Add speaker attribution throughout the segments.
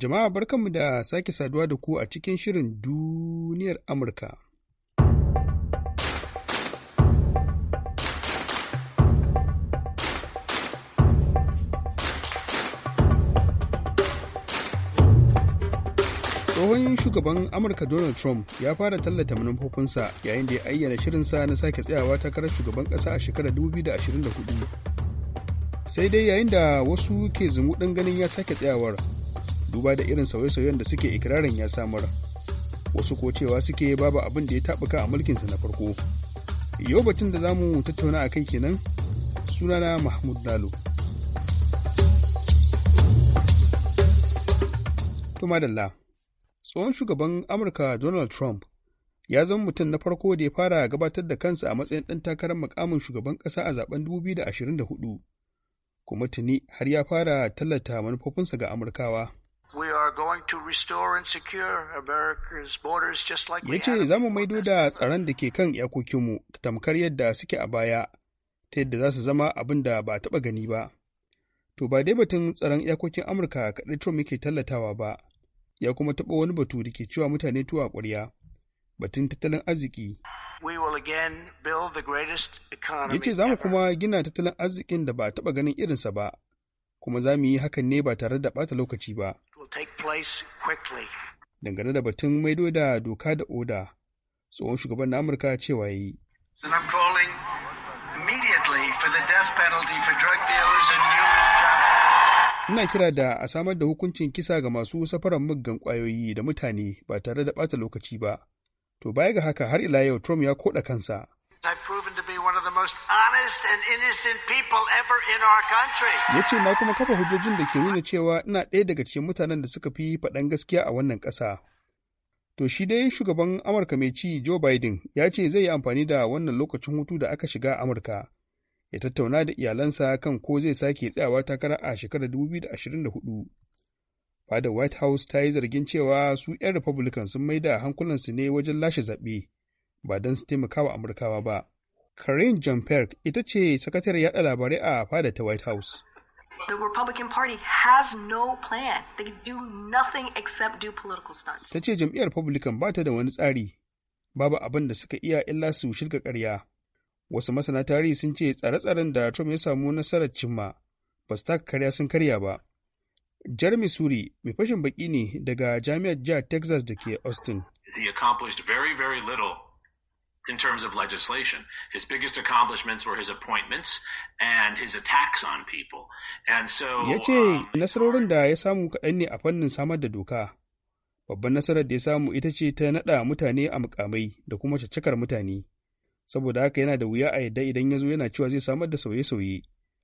Speaker 1: Jama'a barkanmu da sake saduwa da ku a cikin shirin duniyar Amurka. tsohon shugaban amurka donald trump ya fara tallata manufofinsa yayin da ya ayyana shirinsa na sake tsayawa takarar shugaban ƙasa a shekarar 2024 sai dai yayin da wasu ke zumuɗin ganin ya sake tsayawar duba da irin sauye-sauyen da suke ikirarin ya samar wasu ko cewa suke babu abin da ya taɓuka a mulkinsa na farko yau batun da zamu tattauna a kai kenan sunana mahmud lalo to madalla tsohon shugaban amurka donald trump ya zama mutum na farko da ya fara gabatar da kansa a matsayin ɗan takarar makamin shugaban ƙasa a zaben 2024 kuma tuni har ya fara tallata manufofinsa ga amurkawa Ya ce za mu maido da tsaron da ke kan iyakokinmu tamkar yadda suke a baya, ta yadda za su zama abin da ba taɓa gani ba. To ba dai batun tsaron iyakokin Amurka kaɗai Trump yake tallatawa ba, ya kuma taɓa wani batu da ke cewa mutane tuwa ƙwarya, batun tattalin arziki. Ya ce za mu kuma gina tattalin arzikin da ba taɓa ganin irinsa ba, kuma za mu yi hakan ne ba tare da ɓata lokaci ba. Dangane da batun maido da doka da oda, tsohon shugaban Amurka cewa yi. Ina kira da a samar da hukuncin kisa ga masu safarar muggan kwayoyi da mutane ba tare da ɓata lokaci ba. To baya ga haka har ila yau Trump ya koɗa kansa. Ya ce na kuma kafa hujjojin da ke nuna cewa ina ɗaya daga cikin mutanen da suka fi faɗan gaskiya a wannan ƙasa. To shi dai shugaban Amurka mai ci Joe Biden ya ce zai yi amfani da wannan lokacin hutu da aka shiga Amurka. Ya tattauna da iyalansa kan ko zai sake tsayawa takara a shekarar 2024. Fadar White House ta yi zargin cewa su 'yan Republican sun maida hankulansu ne wajen lashe zaɓe, ba don su taimaka wa Amurkawa ba. Karine Jean-Pierre ita ce sakatar yada labarai a fada ta White House. The Republican Party has no plan. They do nothing except do political stunts. Ta ce jam'iyyar Republican ba ta da wani tsari, babu abin da suka iya illa su shirka ƙarya. Wasu masana tarihi sun ce tsare-tsaren da Trump ya samu nasarar cimma ba su taka karya sun karya ba. Jar Misuri mai fashin baƙi ne daga Jami'ar Jihar Texas da ke Austin. He accomplished very, very little in terms of legislation. His biggest accomplishments were his appointments and his attacks on people. And so ya ce um, nasarorin da ya samu kaɗan ne a fannin samar da doka. Babban nasarar da ya samu ita ce ta naɗa mutane a mukamai da kuma caccakar mutane. Saboda haka yana da wuya a yadda idan ya zo yana cewa zai samar da sauye-sauye.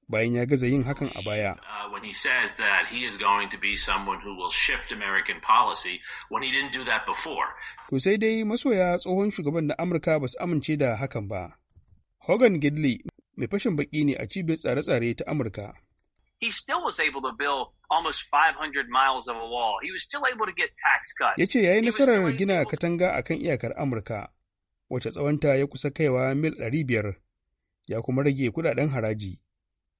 Speaker 1: bayan ya gaza yin hakan a baya. Uh, when he says that he is going to be someone who will shift American policy when he didn't do that before. To sai dai masoya tsohon shugaban na Amurka ba su amince da hakan ba. Hogan Gidley mai fashin baki ne a cibiyar tsare-tsare ta Amurka. He still was able to build almost 500 miles of a wall. He was still able to get tax cuts. Ya ce ya yi nasarar gina katanga a kan iyakar Amurka, wacce tsawonta ya kusa kaiwa mil 500, ya kuma rage kudaden haraji.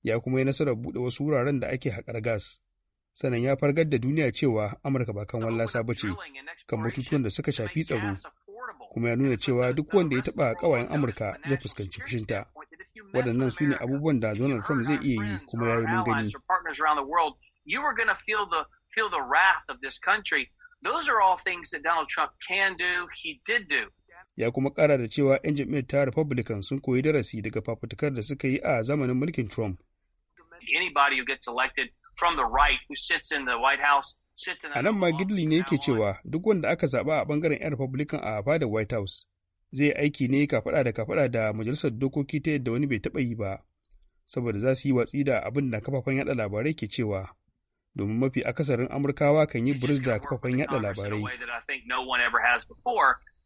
Speaker 1: ya kuma yi nasarar buɗe wasu wuraren da ake haƙar gas sannan ya fargar da duniya cewa amurka ba kan wallasa ba ce kan batutuwan da suka shafi tsaro kuma ya nuna cewa duk wanda ya taɓa ƙawayen amurka zai fuskanci fushinta waɗannan su ne abubuwan da donald trump zai iya yi kuma ya yi mun gani ya kuma ƙara da cewa 'yan jam'iyyar ta republican sun koyi darasi daga fafutukar da suka yi a zamanin mulkin trump anybody who gets elected from the right who sits in the White House sits in A nan ma Gidley ne yake cewa duk wanda aka zaba a bangaren 'yan Republican a fadar White House zai aiki ne kafaɗa da kafaɗa da majalisar dokoki ta yadda wani bai taɓa yi ba saboda za su yi watsi da abin da kafafen yada labarai ke cewa domin mafi akasarin amurkawa kan yi buris da kafafen yada labarai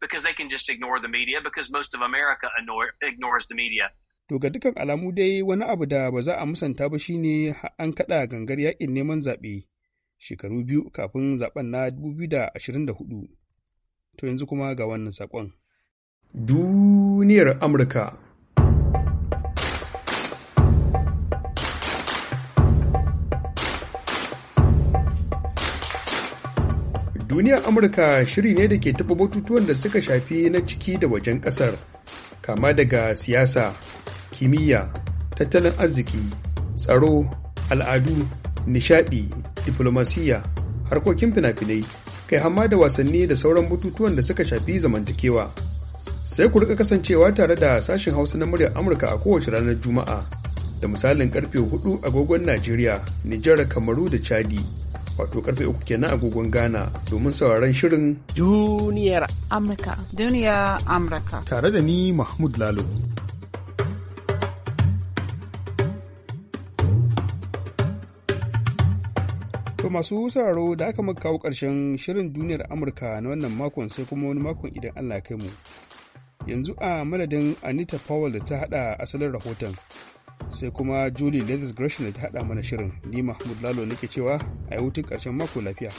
Speaker 1: because they can just ignore the media because most of America ignores the media. To ga dukkan alamu dai wani abu da ba za a musanta ba shine an kaɗa gangar yakin neman zaɓe shekaru biyu kafin zaɓen na 2024. To yanzu kuma ga wannan saƙon. Duniyar Amurka Duniyar Amurka shiri ne da ke taɓa batutuwan da suka shafi na ciki da wajen ƙasar, kama daga siyasa, kimiyya tattalin arziki tsaro al'adu nishadi diflomasiyya harkokin fina-finai kai hamma da wasanni da sauran bututuwan da suka shafi zamantakewa sai ku rika kasancewa tare da sashen hausa na muryar amurka a kowace ranar juma'a da misalin karfe 4 agogon najeriya nijar kamaru da chadi wato karfe uku kenan agogon ghana domin sauraron shirin duniyar amurka duniyar amurka tare da ni mahmud lalo To masu sauraro da aka muka kawo ƙarshen shirin duniyar Amurka na wannan makon sai kuma wani makon idan Allah kai mu. Yanzu a madadin Anita Powell da ta haɗa asalin rahoton sai kuma Julie Lathis Gresham da ta haɗa mana shirin. Ni Mahmud Lalo nake cewa a yi hutun ƙarshen mako lafiya.